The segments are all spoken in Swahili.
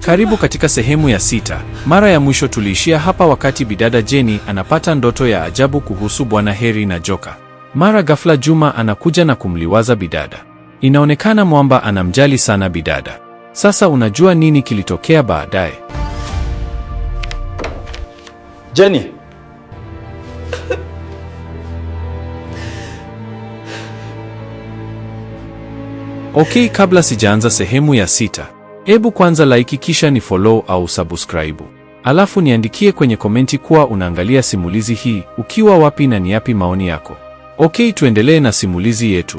Karibu katika sehemu ya sita. Mara ya mwisho tuliishia hapa wakati bidada Jeni anapata ndoto ya ajabu kuhusu Bwana Heri na joka. Mara ghafla Juma anakuja na kumliwaza bidada. Inaonekana mwamba anamjali sana bidada. Sasa unajua nini kilitokea baadaye? Jeni, okay, kabla sijaanza sehemu ya sita Hebu kwanza like kisha ni follow au subscribe. Alafu niandikie kwenye komenti kuwa unaangalia simulizi hii ukiwa wapi na ni yapi maoni yako. Okay, tuendelee na simulizi yetu.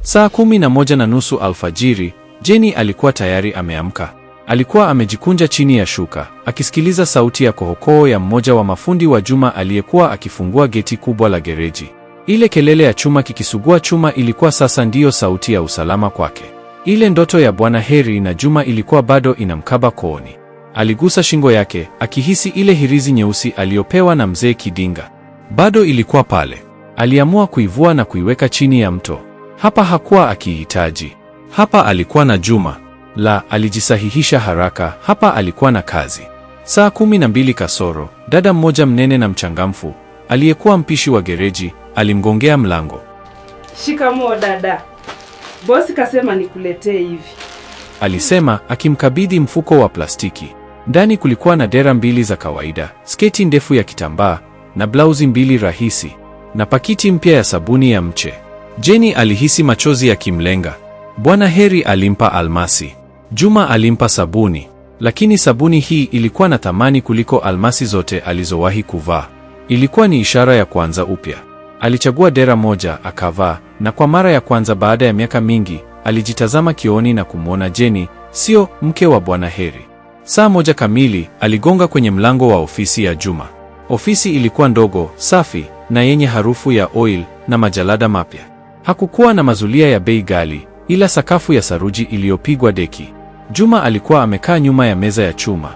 Saa kumi na moja na nusu alfajiri, Jeni alikuwa tayari ameamka. Alikuwa amejikunja chini ya shuka akisikiliza sauti ya kohokoo ya mmoja wa mafundi wa Juma aliyekuwa akifungua geti kubwa la gereji. Ile kelele ya chuma kikisugua chuma ilikuwa sasa ndiyo sauti ya usalama kwake. Ile ndoto ya Bwana Heri na Juma ilikuwa bado inamkaba kooni. Aligusa shingo yake akihisi ile hirizi nyeusi aliyopewa na mzee Kidinga bado ilikuwa pale. Aliamua kuivua na kuiweka chini ya mto. Hapa hakuwa akihitaji, hapa alikuwa na Juma. La, alijisahihisha haraka, hapa alikuwa na kazi. Saa kumi na mbili kasoro, dada mmoja mnene na mchangamfu aliyekuwa mpishi wa gereji alimgongea mlango. Shikamoo dada. Bosi kasema nikuletee hivi, alisema akimkabidhi mfuko wa plastiki. Ndani kulikuwa na dera mbili za kawaida, sketi ndefu ya kitambaa na blauzi mbili rahisi na pakiti mpya ya sabuni ya mche. Jeni alihisi machozi yakimlenga. Bwana Heri alimpa almasi, Juma alimpa sabuni, lakini sabuni hii ilikuwa na thamani kuliko almasi zote alizowahi kuvaa. Ilikuwa ni ishara ya kuanza upya. Alichagua dera moja akavaa, na kwa mara ya kwanza baada ya miaka mingi alijitazama kioni na kumwona Jeni, sio mke wa Bwana Heri. Saa moja kamili aligonga kwenye mlango wa ofisi ya Juma. Ofisi ilikuwa ndogo, safi na yenye harufu ya oil na majalada mapya. Hakukuwa na mazulia ya bei ghali, ila sakafu ya saruji iliyopigwa deki. Juma alikuwa amekaa nyuma ya meza ya chuma,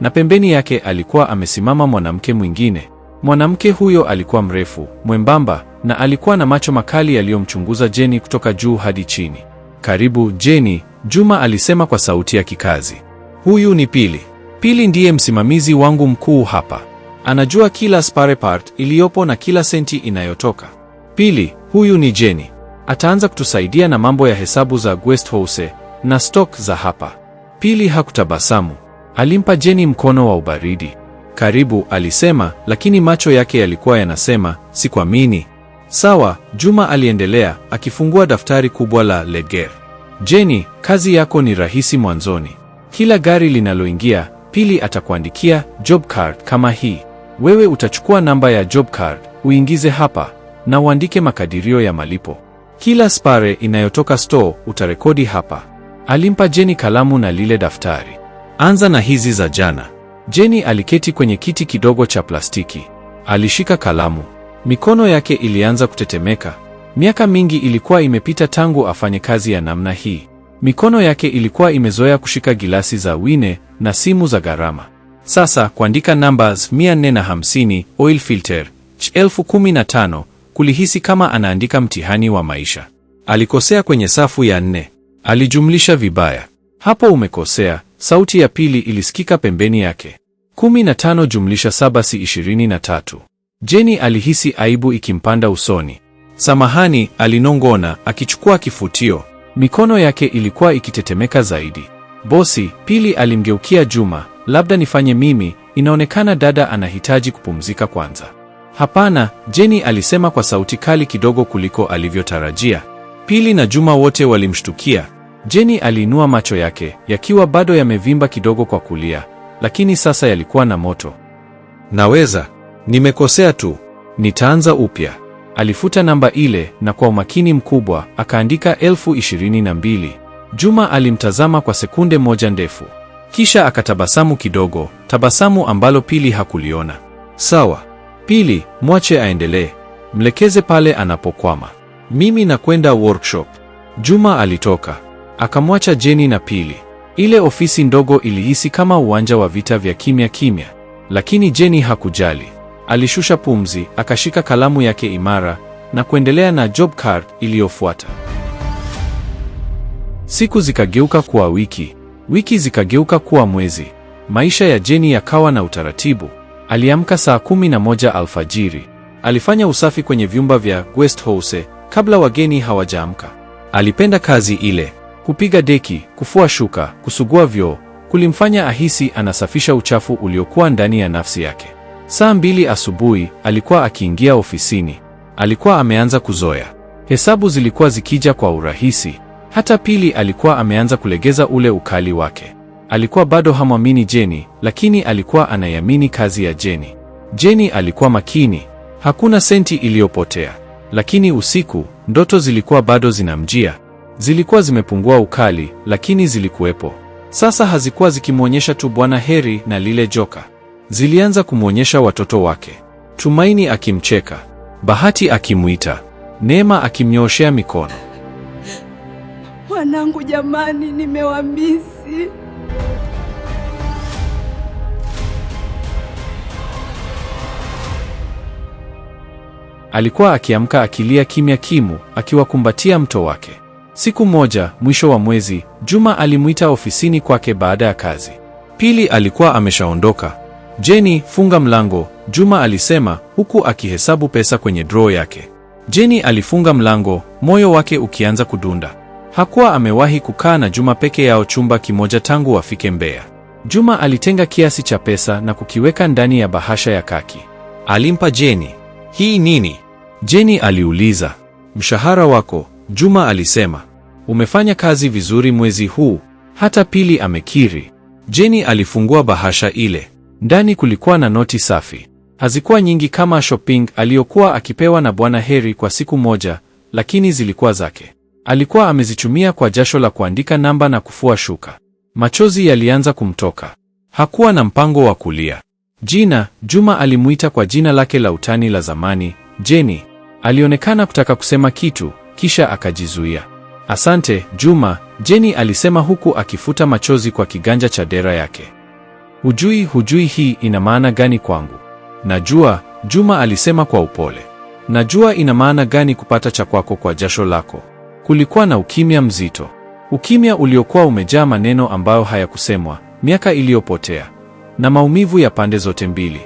na pembeni yake alikuwa amesimama mwanamke mwingine. Mwanamke huyo alikuwa mrefu, mwembamba na alikuwa na macho makali yaliyomchunguza Jeni kutoka juu hadi chini. Karibu Jeni, Juma alisema kwa sauti ya kikazi. Huyu ni Pili. Pili ndiye msimamizi wangu mkuu hapa. Anajua kila spare part iliyopo na kila senti inayotoka. Pili, huyu ni Jeni. Ataanza kutusaidia na mambo ya hesabu za house na stock za hapa. Pili hakutabasamu. Alimpa Jeni mkono wa ubaridi. Karibu alisema, lakini macho yake yalikuwa yanasema sikuamini. Sawa, Juma aliendelea, akifungua daftari kubwa la Leger. Jeni, kazi yako ni rahisi mwanzoni. Kila gari linaloingia, Pili atakuandikia job card kama hii. Wewe utachukua namba ya job card, uingize hapa na uandike makadirio ya malipo. Kila spare inayotoka store utarekodi hapa. Alimpa Jeni kalamu na lile daftari. Anza na hizi za jana. Jenny aliketi kwenye kiti kidogo cha plastiki. Alishika kalamu. Mikono yake ilianza kutetemeka. Miaka mingi ilikuwa imepita tangu afanye kazi ya namna hii. Mikono yake ilikuwa imezoea kushika gilasi za wine na simu za gharama. Sasa kuandika numbers 450 oil filter elfu kulihisi kama anaandika mtihani wa maisha. Alikosea kwenye safu ya nne, alijumlisha vibaya. Hapo umekosea, sauti ya pili ilisikika pembeni yake. Kumi na tano jumlisha saba si ishirini na tatu. Jeni alihisi aibu ikimpanda usoni. Samahani, alinong'ona akichukua kifutio. Mikono yake ilikuwa ikitetemeka zaidi. Bosi, Pili alimgeukia Juma. Labda nifanye mimi, inaonekana dada anahitaji kupumzika kwanza. Hapana, Jeni alisema kwa sauti kali kidogo kuliko alivyotarajia. Pili na Juma wote walimshtukia. Jeni aliinua macho yake, yakiwa bado yamevimba kidogo kwa kulia, lakini sasa yalikuwa na moto. Naweza, nimekosea tu, nitaanza upya. Alifuta namba ile na kwa umakini mkubwa akaandika elfu ishirini na mbili. Juma alimtazama kwa sekunde moja ndefu, kisha akatabasamu kidogo, tabasamu ambalo Pili hakuliona. Sawa Pili, mwache aendelee, mlekeze pale anapokwama. Mimi nakwenda workshop. Juma alitoka akamwacha Jeni na Pili. Ile ofisi ndogo ilihisi kama uwanja wa vita vya kimya kimya, lakini Jeni hakujali. Alishusha pumzi, akashika kalamu yake imara na kuendelea na job card iliyofuata. Siku zikageuka kuwa wiki, wiki zikageuka kuwa mwezi. Maisha ya Jeni yakawa na utaratibu. Aliamka saa kumi na moja alfajiri. Alifanya usafi kwenye vyumba vya guest house kabla wageni hawajaamka. Alipenda kazi ile. Kupiga deki, kufua shuka, kusugua vyoo kulimfanya ahisi anasafisha uchafu uliokuwa ndani ya nafsi yake. Saa mbili asubuhi alikuwa akiingia ofisini. Alikuwa ameanza kuzoea, hesabu zilikuwa zikija kwa urahisi. Hata Pili alikuwa ameanza kulegeza ule ukali wake. Alikuwa bado hamwamini Jeni, lakini alikuwa anayamini kazi ya Jeni. Jeni alikuwa makini, hakuna senti iliyopotea. Lakini usiku ndoto zilikuwa bado zinamjia zilikuwa zimepungua ukali, lakini zilikuwepo. Sasa hazikuwa zikimwonyesha tu Bwana Heri na lile joka, zilianza kumwonyesha watoto wake. Tumaini akimcheka, Bahati akimwita, Neema akimnyooshea mikono. Wanangu jamani, nimewamisi. Alikuwa akiamka akilia kimya kimu, akiwakumbatia mto wake. Siku moja mwisho wa mwezi, Juma alimwita ofisini kwake baada ya kazi. Pili alikuwa ameshaondoka. Jeni, funga mlango, Juma alisema huku akihesabu pesa kwenye draw yake. Jeni alifunga mlango, moyo wake ukianza kudunda. Hakuwa amewahi kukaa na Juma peke yao chumba kimoja tangu wafike Mbeya. Juma alitenga kiasi cha pesa na kukiweka ndani ya bahasha ya kaki. Alimpa Jeni. Hii nini? Jeni aliuliza. Mshahara wako, Juma alisema umefanya kazi vizuri mwezi huu, hata Pili amekiri. Jeni alifungua bahasha ile. Ndani kulikuwa na noti safi, hazikuwa nyingi kama shopping aliyokuwa akipewa na Bwana Heri kwa siku moja, lakini zilikuwa zake. Alikuwa amezichumia kwa jasho la kuandika namba na kufua shuka. Machozi yalianza kumtoka. Hakuwa na mpango wa kulia. Jina Juma alimuita kwa jina lake la utani la zamani, Jeni. Alionekana kutaka kusema kitu, kisha akajizuia. Asante Juma, Jeni alisema huku akifuta machozi kwa kiganja cha dera yake. Hujui, hujui hii ina maana gani kwangu? Najua, Juma alisema kwa upole. Najua ina maana gani kupata cha kwako kwa jasho lako. Kulikuwa na ukimya mzito, ukimya uliokuwa umejaa maneno ambayo hayakusemwa, miaka iliyopotea na maumivu ya pande zote mbili.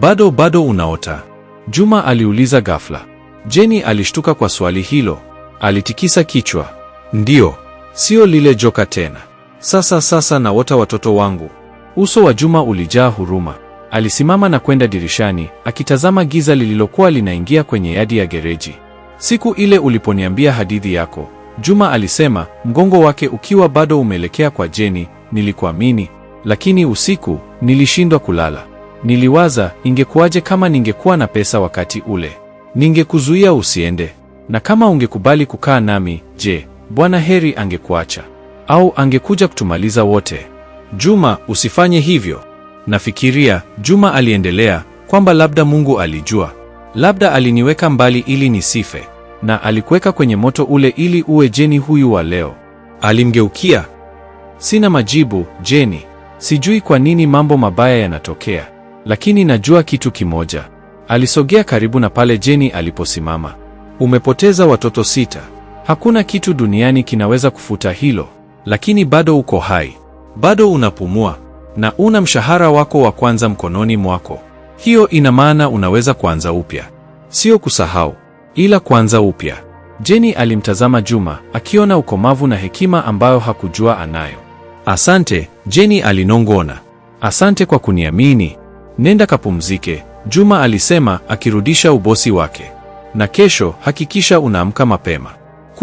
Bado bado unaota? Juma aliuliza ghafla. Jeni alishtuka kwa swali hilo, alitikisa kichwa. Ndiyo, sio lile joka tena. Sasa sasa naota watoto wangu. Uso wa Juma ulijaa huruma. Alisimama na kwenda dirishani akitazama giza lililokuwa linaingia kwenye yadi ya gereji. Siku ile uliponiambia hadithi yako, Juma alisema, mgongo wake ukiwa bado umeelekea kwa Jeni, nilikuamini, lakini usiku nilishindwa kulala. Niliwaza, ingekuwaje kama ningekuwa na pesa wakati ule? Ningekuzuia usiende, na kama ungekubali kukaa nami, je, Bwana heri angekuacha au angekuja kutumaliza wote. Juma, usifanye hivyo. Nafikiria, Juma aliendelea, kwamba labda Mungu alijua, labda aliniweka mbali ili nisife, na alikuweka kwenye moto ule ili uwe Jeni huyu wa leo. Alimgeukia. Sina majibu, Jeni. Sijui kwa nini mambo mabaya yanatokea, lakini najua kitu kimoja. Alisogea karibu na pale Jeni aliposimama. Umepoteza watoto sita. Hakuna kitu duniani kinaweza kufuta hilo, lakini bado uko hai, bado unapumua na una mshahara wako wa kwanza mkononi mwako. Hiyo ina maana unaweza kuanza upya, sio kusahau, ila kuanza upya. Jeni alimtazama Juma akiona ukomavu na hekima ambayo hakujua anayo. Asante, Jeni alinong'ona. Asante kwa kuniamini. Nenda kapumzike, Juma alisema akirudisha ubosi wake. Na kesho hakikisha unaamka mapema.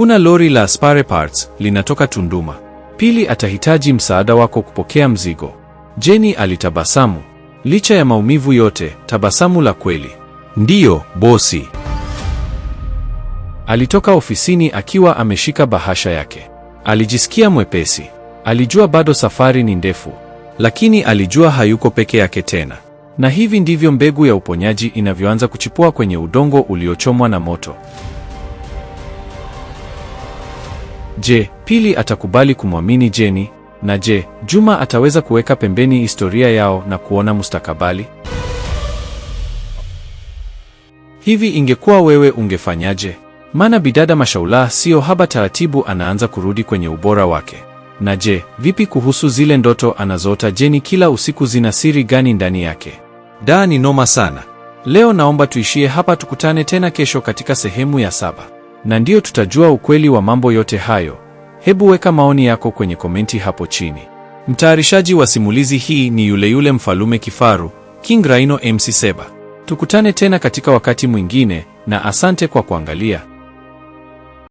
Kuna lori la spare parts linatoka Tunduma. Pili atahitaji msaada wako kupokea mzigo. Jeni alitabasamu. Licha ya maumivu yote, tabasamu la kweli. Ndiyo, bosi. Alitoka ofisini akiwa ameshika bahasha yake. Alijisikia mwepesi. Alijua bado safari ni ndefu, lakini alijua hayuko peke yake tena. Na hivi ndivyo mbegu ya uponyaji inavyoanza kuchipua kwenye udongo uliochomwa na moto. Je, Pili atakubali kumwamini Jeni? Na je, Juma ataweza kuweka pembeni historia yao na kuona mustakabali? Hivi ingekuwa wewe ungefanyaje? Maana bidada Mashaula sio haba, taratibu anaanza kurudi kwenye ubora wake. Na je, vipi kuhusu zile ndoto anazoota Jeni kila usiku, zina siri gani ndani yake? da ni noma sana. Leo naomba tuishie hapa, tukutane tena kesho katika sehemu ya saba na ndiyo tutajua ukweli wa mambo yote hayo. Hebu weka maoni yako kwenye komenti hapo chini. Mtayarishaji wa simulizi hii ni yule yule Mfalume Kifaru, King Rhino MC Seba. Tukutane tena katika wakati mwingine na asante kwa kuangalia.